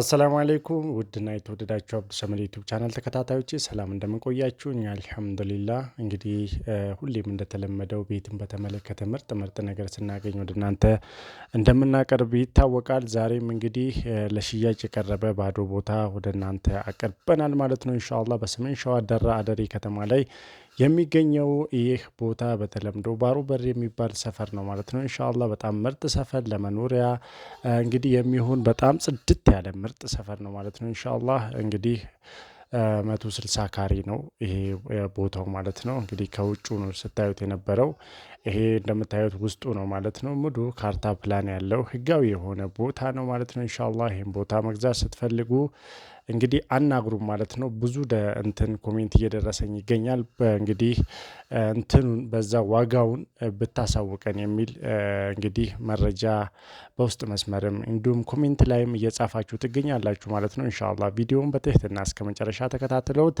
አሰላሙ አለይኩም ውድና የተወደዳችሁ አብዱ ሰመድ ዩቱብ ቻናል ተከታታዮች ሰላም እንደምንቆያችሁ፣ እኛ አልሐምዱሊላ። እንግዲህ ሁሌም እንደተለመደው ቤትን በተመለከተ ምርጥ ምርጥ ነገር ስናገኝ ወደ እናንተ እንደምናቀርብ ይታወቃል። ዛሬም እንግዲህ ለሽያጭ የቀረበ ባዶ ቦታ ወደ እናንተ አቅርበናል ማለት ነው። እንሻላ በሰሜን ሸዋ ደራ አደሬ ከተማ ላይ የሚገኘው ይህ ቦታ በተለምዶ ባሮ በር የሚባል ሰፈር ነው ማለት ነው። እንሻላ በጣም ምርጥ ሰፈር ለመኖሪያ እንግዲህ የሚሆን በጣም ጽድት ያለ ምርጥ ሰፈር ነው ማለት ነው። እንሻላ እንግዲህ መቶ ስልሳ ካሬ ነው ይሄ ቦታው ማለት ነው። እንግዲህ ከውጭ ነው ስታዩት የነበረው ይሄ እንደምታዩት ውስጡ ነው ማለት ነው። ሙሉ ካርታ ፕላን ያለው ህጋዊ የሆነ ቦታ ነው ማለት ነው። እንሻላ ይህን ቦታ መግዛት ስትፈልጉ እንግዲህ አናግሩም ማለት ነው። ብዙ እንትን ኮሜንት እየደረሰኝ ይገኛል። እንግዲህ እንትኑን በዛ ዋጋውን ብታሳውቀን የሚል እንግዲህ መረጃ በውስጥ መስመርም እንዲሁም ኮሜንት ላይም እየጻፋችሁ ትገኛላችሁ ማለት ነው። እንሻላ ቪዲዮውን በትህትና እስከ መጨረሻ ተከታትለውት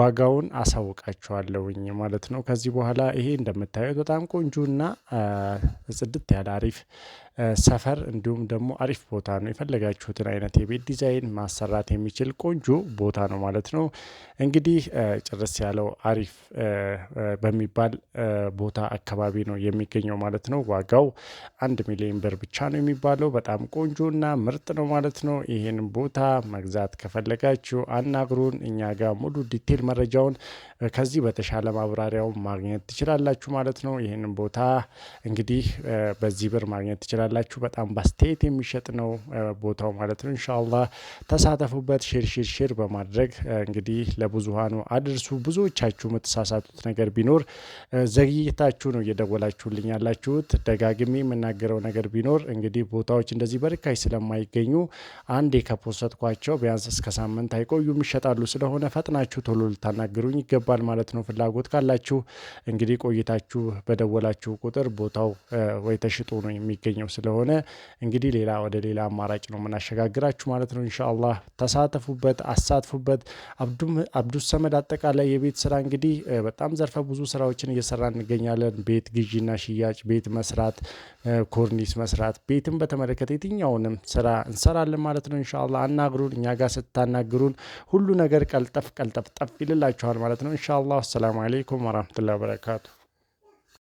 ዋጋውን አሳውቃችኋለሁኝ ማለት ነው። ከዚህ በኋላ ይሄ እንደምታዩት በጣም ቆንጆና ጽድት ያለ አሪፍ ሰፈር እንዲሁም ደግሞ አሪፍ ቦታ ነው። የፈለጋችሁትን አይነት የቤት ዲዛይን ማሰራት የሚችል ቆንጆ ቦታ ነው ማለት ነው። እንግዲህ ጭርስ ያለው አሪፍ በሚባል ቦታ አካባቢ ነው የሚገኘው ማለት ነው። ዋጋው አንድ ሚሊዮን ብር ብቻ ነው የሚባለው በጣም ቆንጆ እና ምርጥ ነው ማለት ነው። ይህን ቦታ መግዛት ከፈለጋችሁ አናግሩን። እኛ ጋር ሙሉ ዲቴል መረጃውን ከዚህ በተሻለ ማብራሪያው ማግኘት ትችላላችሁ ማለት ነው። ይህንን ቦታ እንግዲህ በዚህ ብር ማግኘት ትችላላችሁ። ትችላላችሁ። በጣም በስቴት የሚሸጥ ነው ቦታው ማለት ነው። እንሻላ ተሳተፉበት። ሼር ሼር ሼር በማድረግ እንግዲህ ለብዙሃኑ አድርሱ። ብዙዎቻችሁ የምትሳሳቱት ነገር ቢኖር ዘግይታችሁ ነው እየደወላችሁልኝ ያላችሁት። ደጋግሜ የምናገረው ነገር ቢኖር እንግዲህ ቦታዎች እንደዚህ በርካሽ ስለማይገኙ አንዴ ከፖሰትኳቸው ቢያንስ እስከ ሳምንት አይቆዩም ይሸጣሉ። ስለሆነ ፈጥናችሁ ቶሎ ልታናግሩኝ ይገባል ማለት ነው። ፍላጎት ካላችሁ እንግዲህ ቆይታችሁ በደወላችሁ ቁጥር ቦታው ወይ ተሽጦ ነው የሚገኘው። ስለሆነ እንግዲህ ሌላ ወደ ሌላ አማራጭ ነው የምናሸጋግራችሁ ማለት ነው። እንሻላ ተሳተፉበት፣ አሳትፉበት። አብዱስ ሰመድ አጠቃላይ የቤት ስራ እንግዲህ በጣም ዘርፈ ብዙ ስራዎችን እየሰራ እንገኛለን። ቤት ግዢና ሽያጭ፣ ቤት መስራት፣ ኮርኒስ መስራት፣ ቤትን በተመለከተ የትኛውንም ስራ እንሰራለን ማለት ነው። ኢንሻአላህ አናግሩን። እኛ ጋር ስታናግሩን ሁሉ ነገር ቀልጠፍ ቀልጠፍ ጠፍ ይልላችኋል ማለት ነው። ኢንሻአላህ አሰላሙ አለይኩም ወራህመቱላሂ ወበረካቱ።